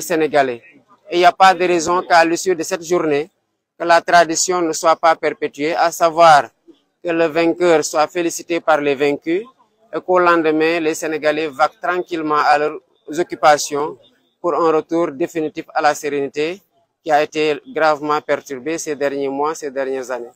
sénégalais. il n'y a pas de raison qu'à l'issue de cette journée, que la tradition ne soit pas perpétuée, à savoir que le vainqueur soit félicité par les vaincus et qu'au lendemain, les Sénégalais vaquent tranquillement à leurs occupations pour un retour définitif à la sérénité qui a été gravement perturbée ces derniers mois, ces dernières années.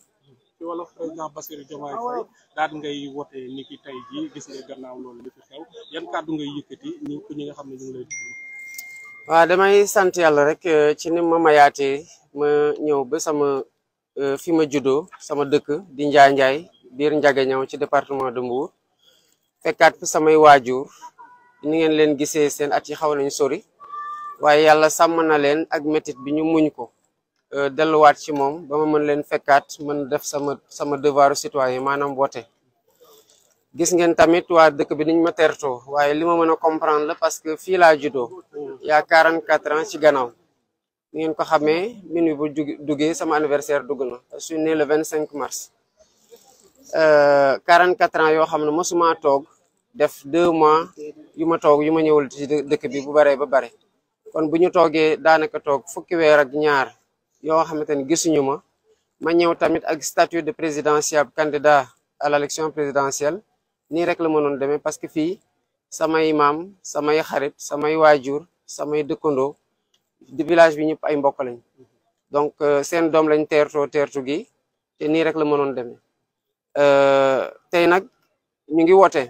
waaw damay sant yàlla rek euh, ci ni ma mayaatee ma ñëw ba sama euh, fi ma juddoo sama dëkk di Njaay Njaay biir Njagañaw ci département de Mbour fekkaat fi samay waajur ni ngeen leen gisee seen at yi xaw nañ sori waaye yàlla sàmm na leen ak métit bi ñu muñ ko euh, delluwaat ci moom ba ma mën leen fekkaat mën def sama sama devoiru citoyen maanaam woote gis ngeen tamit waa dëkk bi niñ ma tertoo waaye li ma mën a comprendre la parce que fii laa juddoo yaa 44 ans ci gannaaw ni ngeen ko xamee minuit bu duggee sama anniversaire dugg na je suis né le 25 mars 44 euh, ans yoo xam ne mosuma toog def deux mois yu ma toog yu ma ñëwul ci dëkk bi bu baree ba bare kon bu ñu toogee daanaka toog fukki weer ak ñaar yoo xamante ni gisuñu ma ma ñëw tamit ak statut de présidentiable candidat à l'élection présidentielle ni rek la mënon démé parce que fi samay imam samay xarit samay wajur samay dekkondo di village bi ñep ay mbokk lañ donc euh, sen dom lañ terto teertu gi té ni rek la mënon démé euh tay nak ñu ngi woté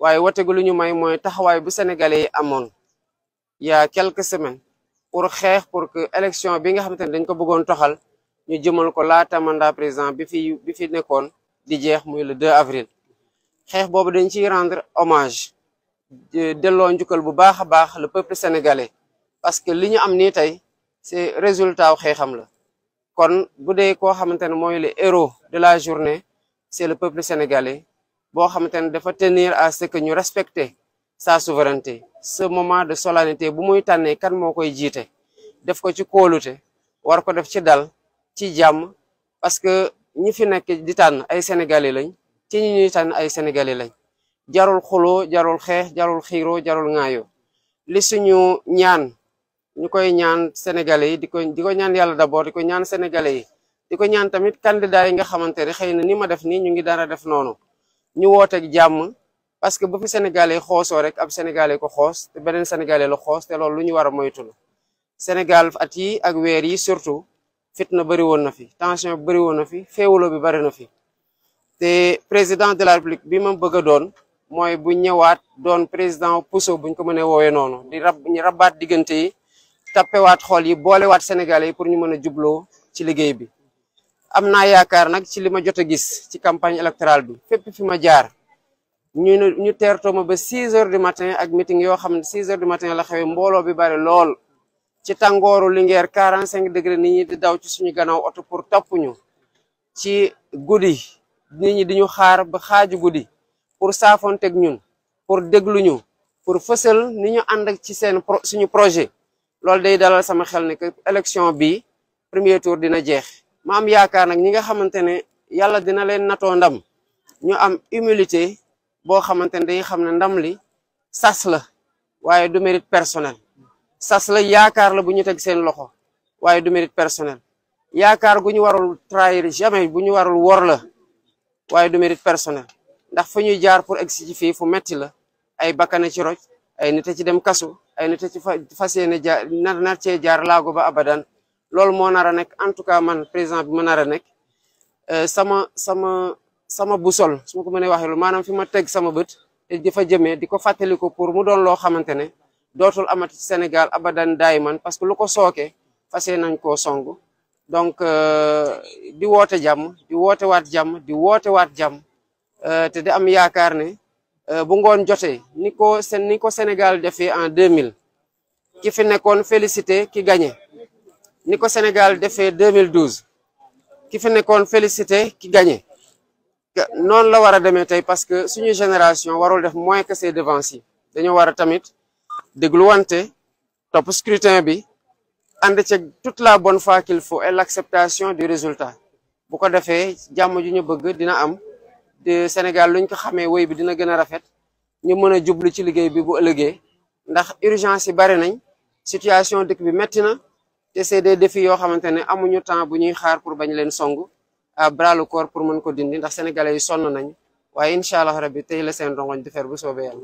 waye woté gu luñu may moy taxaway bu sénégalais yi amoon y a quelques semaines pour xex pour que élection bi nga xamanté dañ ko bëggoon toxal ñu jëmal ko la ta mandat président bi fi bi fi nekkoon di jeex muy le 2 avril xex bobu dañ ci rendre hommage delloo ndukal bu baax a baax le peuple sénégalais parce que li ñu am ni tay c'est résultat xexam la kon bu ko xamantene moy le héros de la journée c'est le peuple sénégalais bo xamantene dafa tenir à ce que ñu respecter sa souveraineté ce moment de solennité bu muy tànnee kan mo koy jité def ko ci koluté war ko def ci dal ci jàmm parce que ñi fi nek di tan ay sénégalais lañ ci ñi ñuy tan ay sénégalais lañ jarul xulu jarul xex jarul xiro jarul Ngayo. li suñu ñaan ñukoy ñaan sénégalais yi diko diko Nyan ñaan yalla d'abord diko ñaan sénégalais yi diko ñaan tamit candidat yi nga xamanteni xeyna ni ma def ni ñu ngi dara def nonu ñu ak jamm parce que bu fi sénégalais xoso rek ab sénégalais ko xoos te benen sénégalais lu xoos te loolu lu ñu moytu lu Sénégal at yi ak weer yi surtout fitna bari won na fi tension bari won na fi bi bari na fi te président de la république bi ma bëgg a doon mooy bu ñëwaat doon président puso ñu ko mënee woowee noonu di ñu rabaat diggante yi tappewaat xool yi boolewaat Sénégalais yi pour ñu mën a jubloo ci liggéey bi. am naa yaakaar nag ci li ma jot a gis ci campagne électorale bi fépp fi ma jaar ñu ne ñu teertoo ma ba 6 heures du matin ak meeting yoo xam ne 6 heures du matin la xewee mbooloo bi bare lool. ci tàngooru Linguère 45 degré nit ñi di daw ci suñu gannaaw oto pour topp ci guddi. nit ñi har, xaar ba xaju gudi pour ak ñun pour déglu ñu pour fessel ni ñu and ak ci seen suñu projet lool day dalal sama xel ne élection bi premier tour dina jeex ma am yaakaar nak ñi nga xamantene yalla dina leen nato ndam ñu am humilité bo xamantene day xamne ndam li sas la waye du mérite personnel sas la yaakaar la bu ñu teg seen loxo waye du mérite personnel yaakaar gu warul trahir jamais bu ñu warul wor la waye du mérite personnel ndax fa ñuy jaar pour egsi ci fii fu metti la ay bakkana ci roj ay nité ci dem kasu ay nité ci fasiyene jaar nar ci jaar lagu ba abadan loolu mo nara nek en tout cas man président bi euh, sama sama sama busol suma ko mënee waxee lu manam fi ma sama bët te di fa diko di ko pour mu doon lo xamantene dotul amati ci Sénégal abadan diamond. parce que lu ko sooke fas nañ ko songu donc euh, di wote jam, du wote wat jam, di jam, tu jam. te di am yaakaar ne euh, bu ngoon jotee ni ko ni Sénégal defee en 2000 qui ki fi nekkoon félicité ki gagné ni ko Sénégal en 2012 qui ki fi nekkoon félicité ki gagné Non, la war a demee parce que une génération warul def moins que ses devanciers dañoo war a tamit dégluwante topp scrutin bi. And ci toute la bonne foi qu'il faut et l'acceptation du résultat bu ko defee jàmm ju ñu bëgg dina am de Sénégal luñ ko xamé way bi dina gëna rafet ñu mëna jublu ci liggéey bi bu ndax urgence yi bari nañ situation dëkk bi metti na té c'est des défis yo xamante amuñu temps bu ñuy xaar pour bañ leen songu à bras le corps pour mën ko dindi ndax sénégalais yi sonn nañ waaye inshallah rabbi tay la seen rongoñ di fer bu soobee yalla